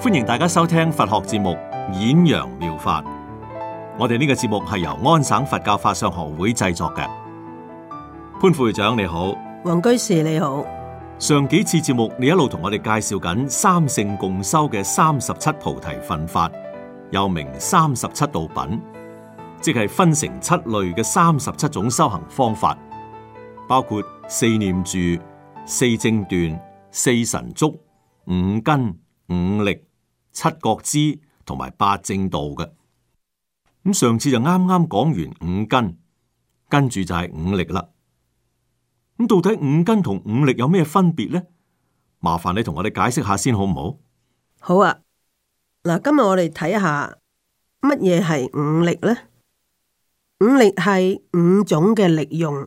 歡迎大家收聽佛學節目《演揚妙，妙法》。我哋呢個節目係由安省佛教法相學會製作嘅。潘副會長你好，黃居士你好。上幾次節目你一路同我哋介紹緊三性共修嘅三十七菩提分法，又名三十七道品，即係分成七類嘅三十七種修行方法，包括四念住、四正斷、四神足、五根、五力。七覺支同埋八正道嘅。咁上次就啱啱講完五根，跟住就係五力啦。咁到底五根同五力有咩分別呢？麻煩你同我哋解釋下先好唔好？好啊，嗱，今日我哋睇下乜嘢係五力呢？五力係五種嘅力用。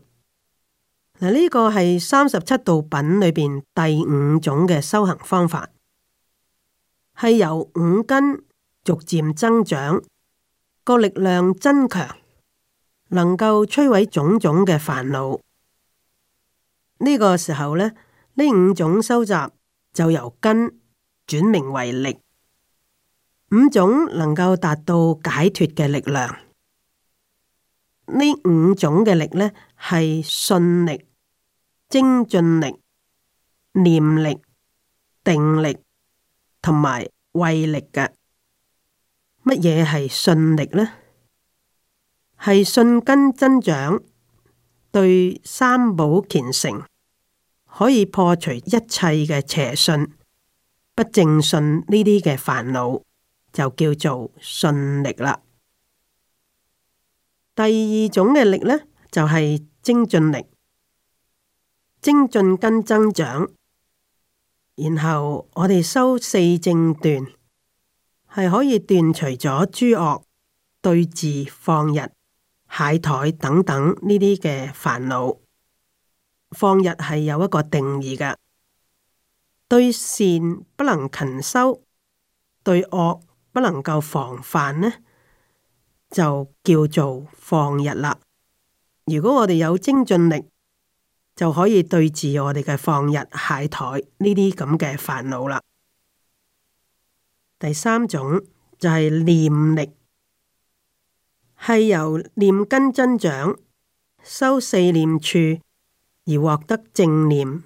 嗱，呢個係三十七道品裏邊第五種嘅修行方法。係由五根逐漸增長，個力量增強，能夠摧毀種種嘅煩惱。呢、呢個時候呢，呢五種收集就由根轉名為力，五種能夠達到解脱嘅力量。呢五種嘅力呢，係信力、精進力、念力、定力同埋。慧力嘅，乜嘢係信力呢？係信根增長，對三寶虔誠，可以破除一切嘅邪信、不正信呢啲嘅煩惱，就叫做信力啦。第二種嘅力呢，就係、是、精進力，精進根增長。然後我哋修四正斷，係可以斷除咗諸惡，對治放逸、懈怠等等呢啲嘅煩惱。放逸係有一個定義噶對善不能勤修，對惡不能夠防範呢，就叫做放逸啦。如果我哋有精進力。就可以對治我哋嘅放逸懈怠呢啲咁嘅煩惱啦。第三種就係念力，係由念根增長、修四念處而獲得正念，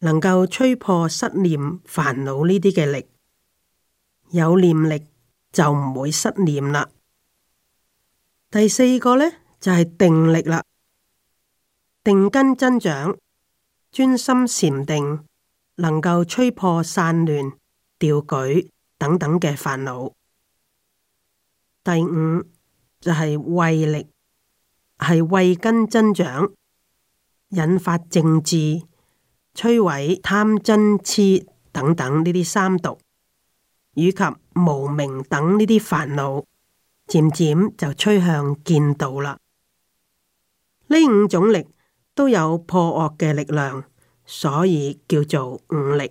能夠摧破失念煩惱呢啲嘅力。有念力就唔會失念啦。第四個呢，就係、是、定力啦。定根增長，專心禪定，能夠吹破散亂、掉舉等等嘅煩惱。第五就係、是、慧力，係慧根增長，引發正智、摧毀貪、貪嗔、痴等等呢啲三毒，以及無明等呢啲煩惱，漸漸就趨向見道啦。呢五種力，都有破惡嘅力量，所以叫做五力。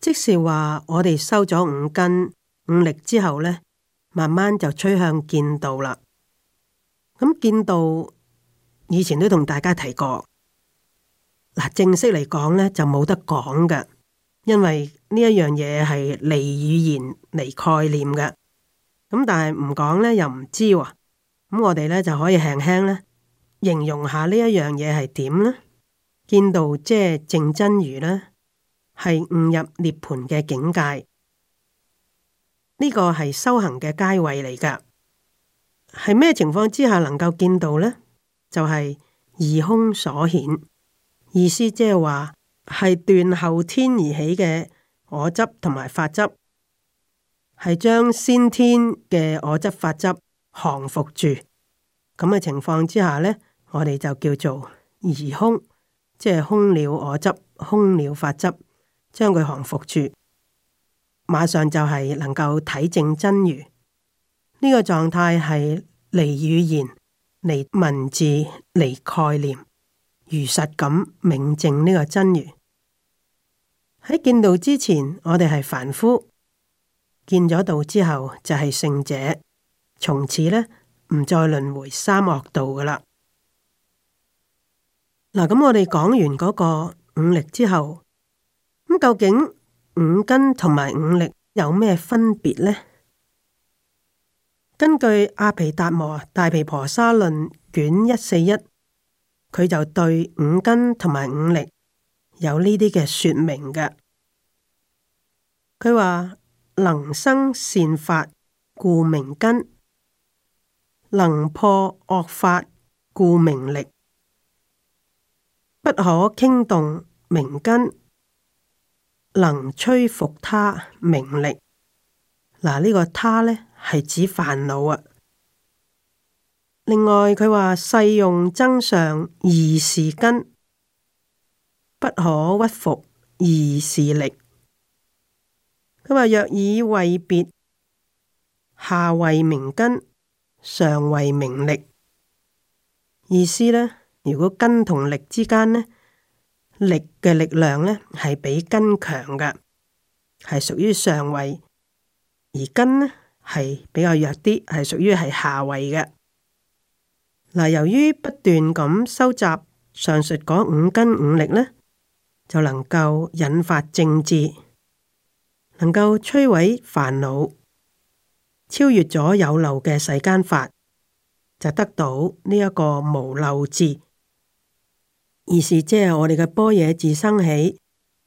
即是話我哋收咗五根五力之後呢，慢慢就趨向見道啦。咁見道以前都同大家提過，嗱正式嚟講呢，就冇得講㗎，因為呢一樣嘢係離語言離概念嘅。咁但係唔講呢，又唔知喎，咁我哋呢，就可以輕輕呢。形容下呢一樣嘢係點呢？見到即係正真如呢，係悟入涅盤嘅境界。呢、呢個係修行嘅階位嚟噶。係咩情況之下能夠見到呢？就係、是、二空所顯，意思即係話係斷後天而起嘅我執同埋法執，係將先天嘅我執法執降服住。咁嘅情況之下呢。我哋就叫做疑空，即係空了我執，空了法執，將佢降服住，馬上就係能夠體證真如。呢、這個狀態係離語言、離文字、離概念，如實咁明證呢個真如。喺見到之前，我哋係凡夫；見咗道之後，就係、是、聖者。從此呢，唔再輪迴三惡道噶啦。嗱，咁、嗯、我哋講完嗰個五力之後，咁、嗯、究竟五根同埋五力有咩分別呢？根據阿皮達摩《大皮婆沙論》卷一四一，佢就對五根同埋五力有呢啲嘅說明嘅。佢話能生善法故名根，能破惡法故名力。不可傾動名根，能摧伏他名力。嗱，呢個他呢係指煩惱啊。另外佢話世用增上義是根，不可屈服義是力。佢話若以慧別下為名根，上為名力。意思呢？如果根同力之間呢，力嘅力量呢係比根強嘅，係屬於上位，而根呢係比較弱啲，係屬於係下位嘅。嗱，由於不斷咁收集上述嗰五根五力呢，就能夠引發正智，能夠摧毀煩惱，超越咗有漏嘅世間法，就得到呢一個無漏智。而是即係我哋嘅般若自生起，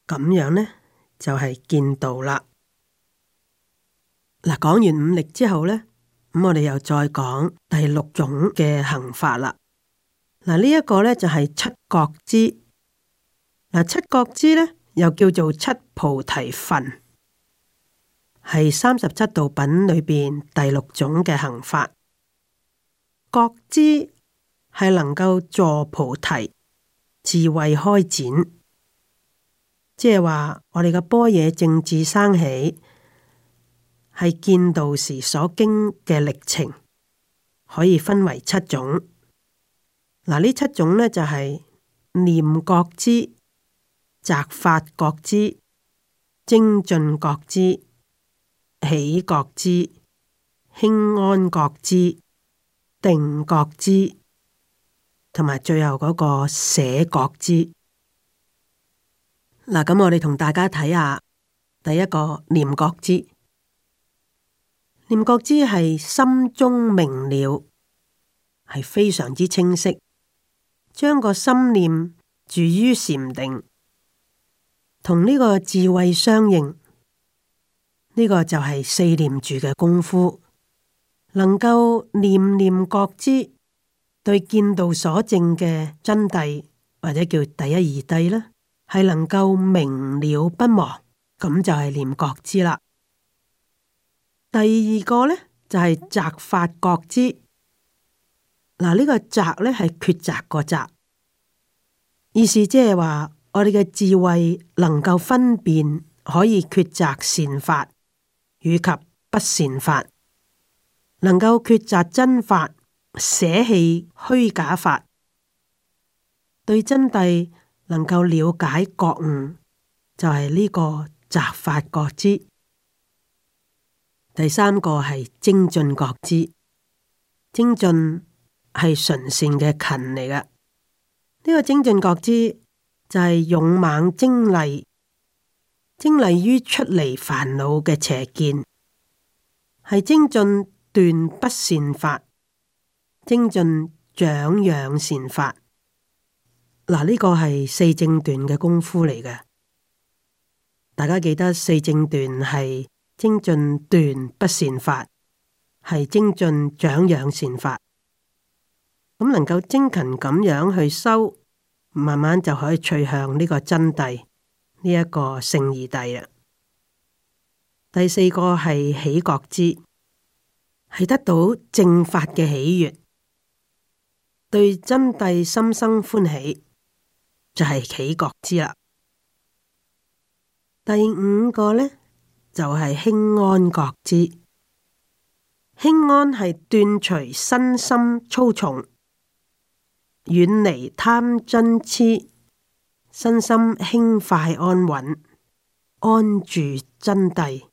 咁樣呢就係、是、見道啦。嗱、啊，講完五力之後呢，咁、嗯、我哋又再講第六種嘅行法啦。嗱、啊，呢、這、一個呢就係、是、七覺支。嗱、啊，七覺支呢又叫做七菩提分，係三十七道品裏邊第六種嘅行法。覺支係能夠助菩提。智慧開展，即係話我哋嘅般若正智生起，係見道時所經嘅歷程，可以分為七種。嗱，呢七種呢，就係、是、念覺支、擇法覺支、精進覺支、喜覺支、輕安覺支、定覺支。同埋最後嗰個捨覺支。嗱，咁我哋同大家睇下第一個念覺支，念覺支係心中明了、係非常之清晰，將個心念住於禪定，同呢個智慧相應，呢個就係四念住嘅功夫，能夠念念覺知。對見道所證嘅真諦或者叫第一義諦呢，係能夠明了不忘，咁就係念覺支啦。第二個呢，就係、是、擇法覺支，嗱、這、呢個擇呢係抉擇個擇，意思即係話我哋嘅智慧能夠分辨，可以抉擇善法以及不善法，能夠抉擇真法，捨棄虛假法，對真諦能夠了解覺悟，就係、是、呢個擇法覺支。第三個係精進覺支，精進係純善嘅勤嚟嘅。呢、這個精進覺支就係勇猛精勵，精勵於出離煩惱嘅邪見，係精進斷不善法。精進長養善法，嗱、這、呢個係四正斷嘅功夫嚟嘅。大家記得四正斷係精進斷不善法，係精進長養善法。咁能夠精勤咁樣去修，慢慢就可以趣向呢個真諦，呢、這、一個聖義諦啦。第四個係喜覺支，係得到正法嘅喜悅。對真諦心生歡喜，就係喜覺支啦。第五個呢，就係輕安覺支，輕安係斷除身心粗重，遠離貪嗔痴，身心輕快安穩，安住真諦。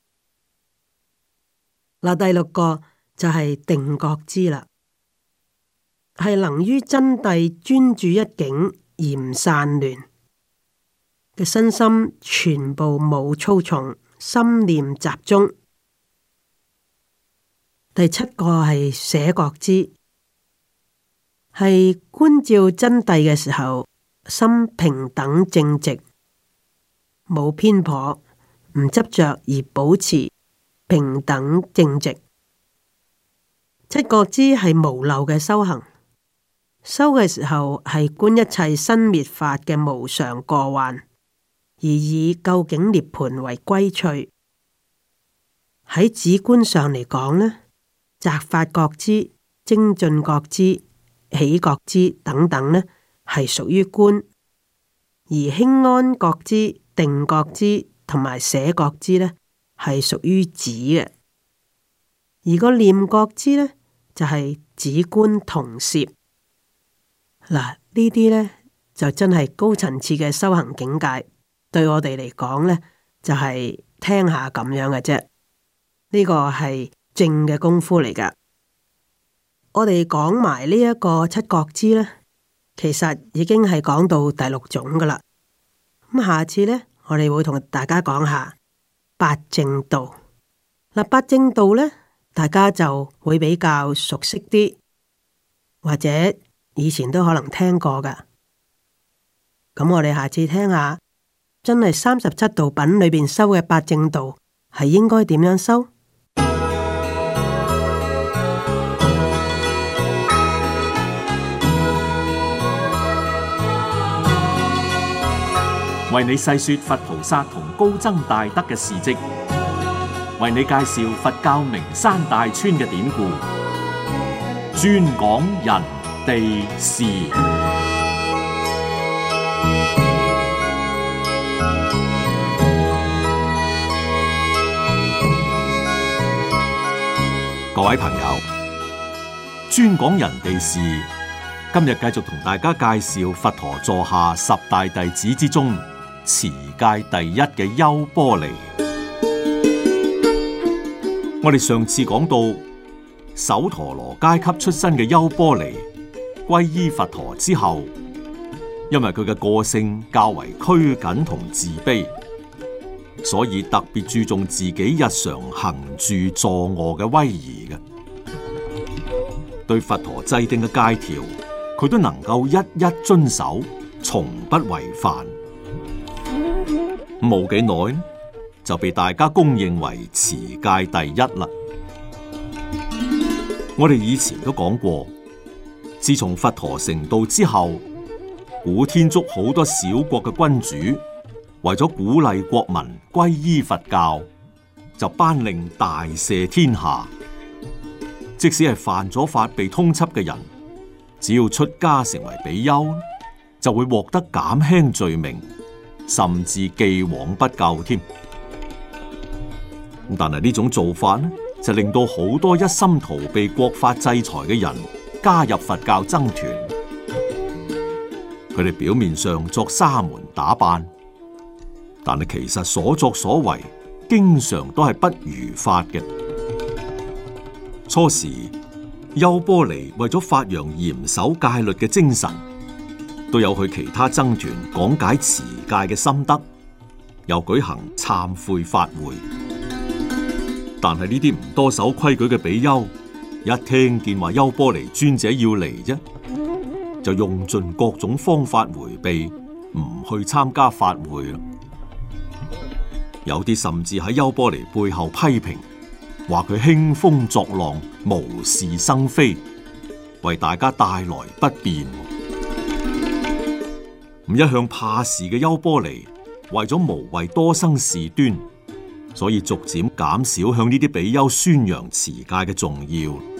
嗱，第六個就係定覺支啦。係能於真諦專注一境而唔散亂嘅身心，全部冇粗重，心念集中。第七個係捨覺支，係觀照真諦嘅時候，心平等正直，冇偏頗，唔執着而保持平等正直。七覺支係無漏嘅修行。修嘅時候係觀一切生滅法嘅無常過患，而以究竟涅盤為歸趣。喺止觀上嚟講呢，擇法覺支、精進覺支、喜覺支等等呢，係屬於觀；而輕安覺支、定覺支同埋捨覺支呢，係屬於止嘅。而個念覺支呢，就係、是、止觀同攝。嗱，呢啲呢就真係高層次嘅修行境界，對我哋嚟講呢，就係聽下咁樣嘅啫。呢個係正嘅功夫嚟噶。我哋講埋呢一個七覺支呢，其實已經係講到第六種噶啦。咁下次呢，我哋會同大家講下八正道。嗱，八正道呢，大家就會比較熟悉啲，或者～以前都可能聽過噶，咁我哋下次聽下，真係三十七道品裏邊修嘅八正道，係應該點樣修？為你細說佛菩薩同高僧大德嘅事跡，為你介紹佛教名山大川嘅典故，專講人地事，各位朋友，專講人地事。今日繼續同大家介紹佛陀座下十大弟子之中，持戒第一嘅優波離。 我哋上次講到，首陀羅階級出身嘅優波離。皈依佛陀之後，因為佢嘅個性較為拘謹同自卑，所以特別注重自己日常行住坐臥嘅威儀嘅。對佛陀制定嘅戒條，佢都能夠一一遵守，從不違犯。冇幾耐，就被大家公認為持戒第一啦。我哋以前都講過。自從佛陀成道之後，古天竺好多小國嘅君主為咗鼓勵國民皈依佛教，就頒令大赦天下。即使係犯咗法被通緝嘅人，只要出家成為比丘，就會獲得減輕罪名，甚至既往不咎添。但係呢種做法呢，就令到好多一心逃避國法制裁嘅人。加入佛教僧團，佢哋表面上作沙門打扮，但係其實所作所為，經常都係不如法嘅。初時，優波離為咗發揚嚴守戒律嘅精神，都有去其他僧團講解持戒嘅心得，又舉行懺悔法會。但係呢啲唔多守規矩嘅比丘，一聽見話優波離尊者要嚟啫，就用盡各種方法回避，唔去參加法會啦。有啲甚至喺優波離背後批評，話佢興風作浪、無事生非，為大家帶來不便。咁一向怕事嘅優波離，為咗無謂多生事端，所以逐漸減少向呢啲比丘宣揚持戒嘅重要。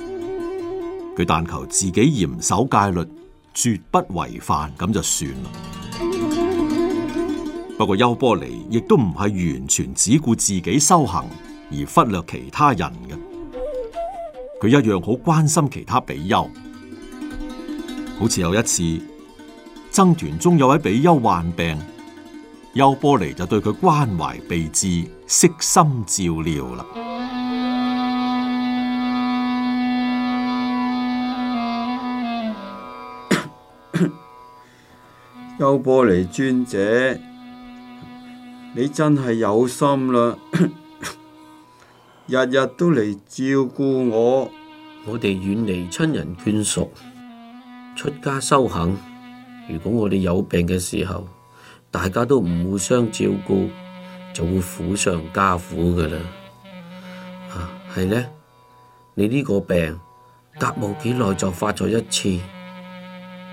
佢但求自己嚴守戒律，絕不違犯，咁就算啦。 不過優波離亦都唔係完全只顧自己修行而忽略其他人嘅，佢一樣好關心其他比丘。好似有一次，僧團中有位比丘患病，優波離就對佢關懷備至，悉心照料啦。優波離尊者，你真係有心啦， 日日都嚟照顧我。我哋遠離親人眷屬，出家修行。如果我哋有病嘅時候，大家都唔互相照顧，就會苦上加苦噶啦。啊，係呢，你呢個病隔冇幾耐就發咗一次，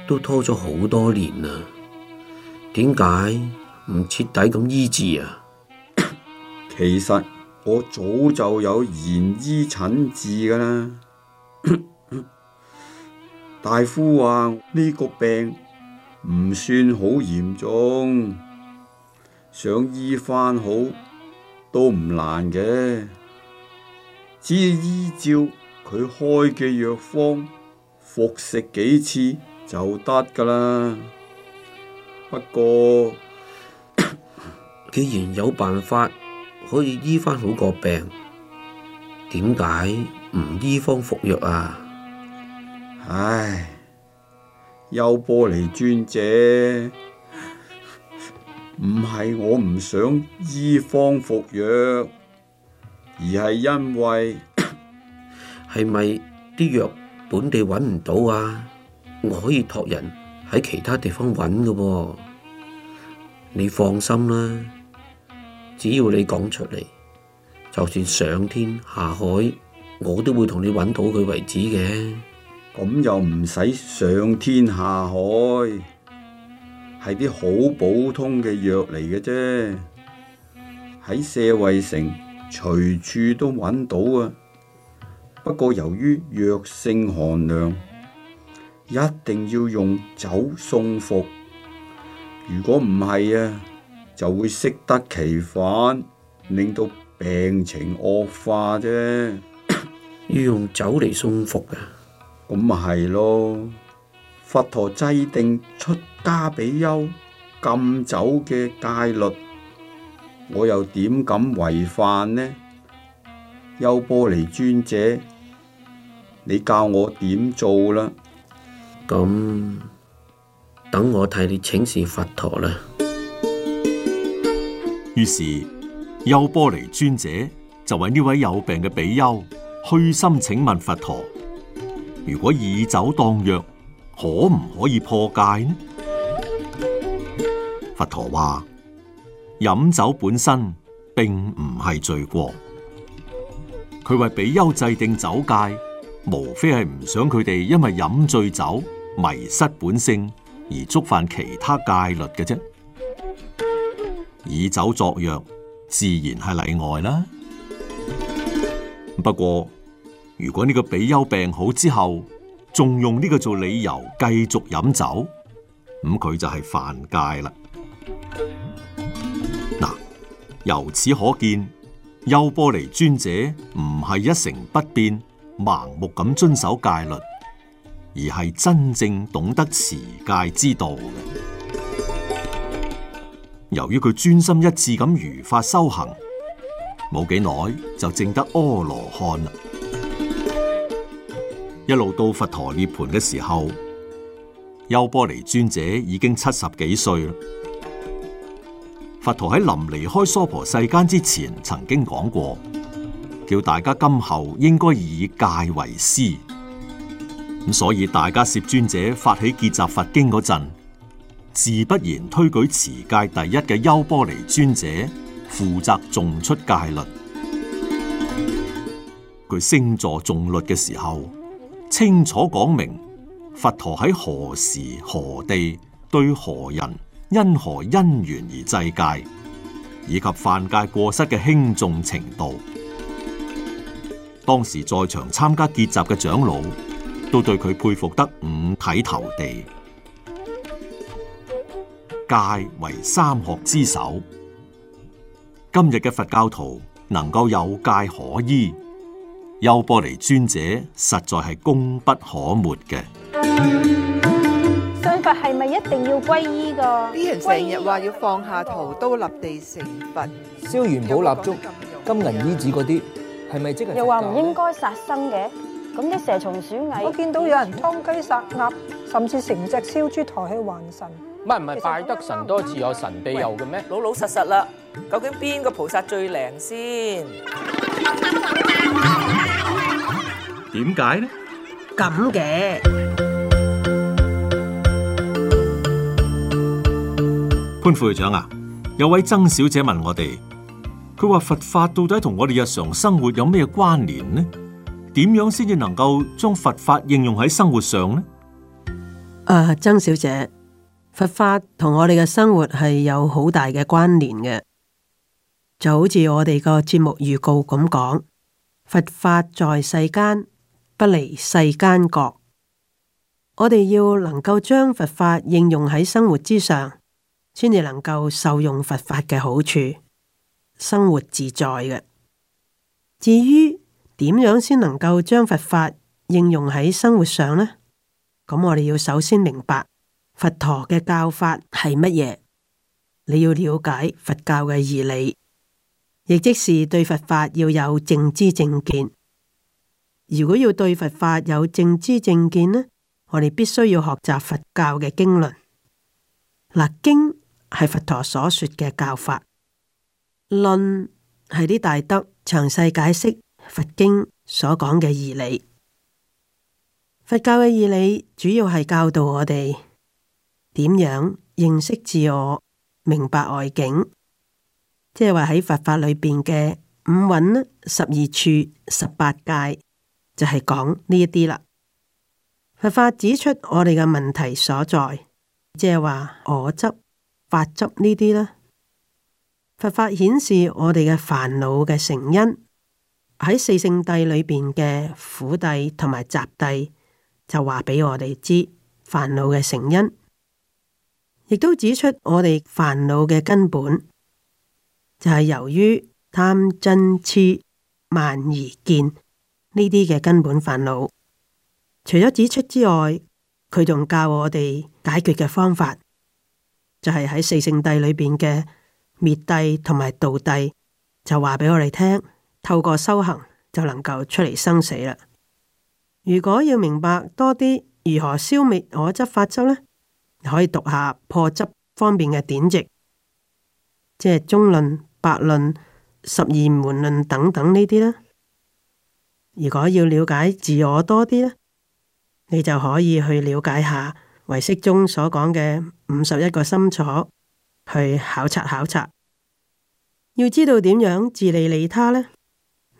都拖咗好多年啦。點解唔徹底咁醫治啊？ 其實我早就有延醫診治噶啦。 大夫話呢個病唔算好嚴重，想醫翻好都唔難嘅，只要依照佢開嘅藥方服食幾次就得噶啦。不過， 既然有辦法可以醫翻好個病，點解唔醫方服藥啊？唉，優波離尊者，唔係我唔想醫方服藥，而係因為，係咪啲藥本地揾唔到啊？我可以託人。喺其他地方揾嘅噃，你放心啦，只要你講出嚟，就算上天下海，我都會同你揾到佢為止嘅。咁又唔使上天下海，係啲好普通嘅藥嚟嘅啫，喺舍衛城隨處都揾到啊。不過由於藥性寒涼。一定要用酒送服，如果唔係啊，就會適得其反，令到病情惡化啫。 要用酒嚟送服嘅，咁咪係咯。佛陀制定出家比丘禁酒嘅戒律，我又點敢違犯呢？優波離尊者，你教我點做啦？咁，等我替你請示佛陀啦。於是優波離尊者就為呢位有病嘅比丘虛心請問佛陀：如果以酒當藥，可唔可以破戒呢？佛陀話：飲酒本身並唔係罪過，佢為比丘制定酒戒。無非係唔想佢哋因為飲醉酒迷失本性而觸犯其他戒律嘅啫，以酒作藥自然係例外啦。不過如果呢個比丘病好之後，仲用呢個做理由繼續飲酒，咁，嗯，佢就係犯戒啦。嗱，由此可見，優波離尊者唔係一成不變，盲目咁遵守戒律，而係真正懂得持戒之道。由於佢專心一致咁如法修行，冇幾耐就證得阿羅漢啦。一路到佛陀涅槃嘅時候，優波離尊者已經七十幾歲啦。佛陀喺臨離開娑婆世間之前，曾經講過。要大家今後應該以戒為師，所以大迦葉尊者發起結集佛經嗰陣，自不然推舉持戒第一嘅優波離尊者負責重出戒律。佢星座重律嘅時候，清楚講明佛陀喺何時何地對何人因何因緣而制戒，以及犯戒過失嘅輕重程度。當時在場參加結集嘅長老，都對佢佩服得五體投地。戒為三學之首，今日嘅佛教徒能夠有戒可依，優波離尊者實在係功不可沒嘅。信佛係咪一定要皈依噶？啲人成日話要放下屠刀立地成佛，燒元寶蠟燭，有有金銀衣紙嗰啲。又話唔應該殺生嘅，咁啲蛇蟲鼠蟻，我見到有人劏雞殺鴨，甚至成隻燒豬抬去還神，乜唔係拜得神多自有神庇佑嘅咩？老老實實啦，究竟邊個菩薩最靈先？點解呢？咁嘅潘副會長啊，有位曾小姐問我哋。佢話佛法到底同我哋日常生活有咩關聯呢？點樣先至能夠將佛法應用喺生活上呢？啊，曾小姐，佛法同我哋嘅生活係有好大嘅關聯嘅，就好似我哋個節目預告咁講，佛法在世間，不離世間覺。我哋要能夠將佛法應用喺生活之上，先至能夠受用佛法嘅好處。生活自在嘅。至於點樣先能夠將佛法應用喺生活上呢？咁我哋要首先明白佛陀嘅教法係乜嘢，你要了解佛教嘅義理，亦即是對佛法要有正知正見。如果要對佛法有正知正見呢，我哋必須要學習佛教嘅經論。嗱，經係佛陀所說嘅教法。論係啲大德詳細解釋佛經所講嘅義理。佛教嘅義理主要係教導我哋點樣認識自我、明白外境，即係話喺佛法裏邊嘅五蘊、十二處、十八界，就係講呢一啲啦。佛法指出我哋嘅問題所在，即係話我執、法執呢啲啦。佛法顯示我哋嘅煩惱嘅成因，喺四聖諦裏邊嘅苦諦同埋集諦就話俾我哋知煩惱嘅成因，亦都指出我哋煩惱嘅根本就係、是、由於貪、瞋、痴、慢、疑、見呢啲嘅根本煩惱。除咗指出之外，佢仲教我哋解決嘅方法就係、是、喺四聖諦裏邊嘅。滅諦同埋道諦就話俾我哋聽，透過修行就能夠出嚟生死啦。如果要明白多啲如何消滅我執法執呢，可以讀下破執方面嘅典籍，即係中論、百論、十二門論等等呢啲啦。如果要了解自我多啲呢，你就可以去了解下唯識中所講嘅五十一個心所。去考察考察，要知道點樣自利利他呢？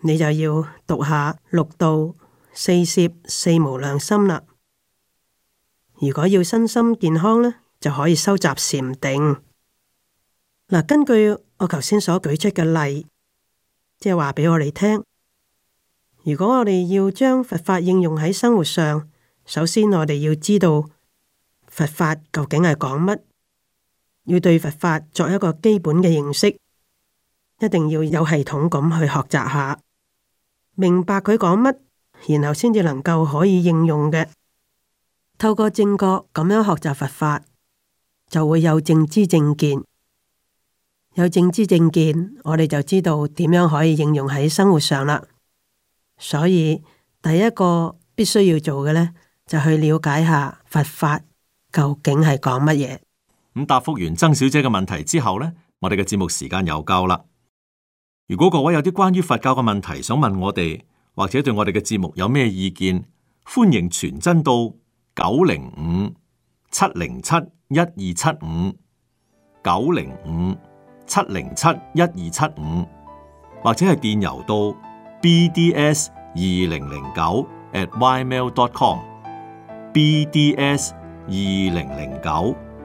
你就要讀下六度、四攝、四無量心啦。如果要身心健康呢，就可以收集禪定。嗱、啊，根據我頭先所舉出嘅例，即係話俾我哋聽，如果我哋要將佛法應用喺生活上，首先我哋要知道佛法究竟係講乜。要對佛法作一個基本嘅認識，一定要有系統咁去學習下，明白佢講乜，然後先至能夠可以應用嘅。透過正覺咁樣學習佛法，就會有正知正見。有正知正見，我哋就知道點樣可以應用喺生活上啦。所以第一個必須要做嘅呢，就去了解下佛法究竟係講乜嘢。咁答覆完曾小姐嘅問題之後呢，我哋嘅節目時間又夠啦。如果各位有啲關於佛教嘅問題想問我哋，或者對我哋嘅節目有咩意見，歡迎傳真到九零五七零七一二七五九零五七零七一二七五，75, 75, 或者係電郵到 bds 二零零九 at ymail.com bds 二零零九。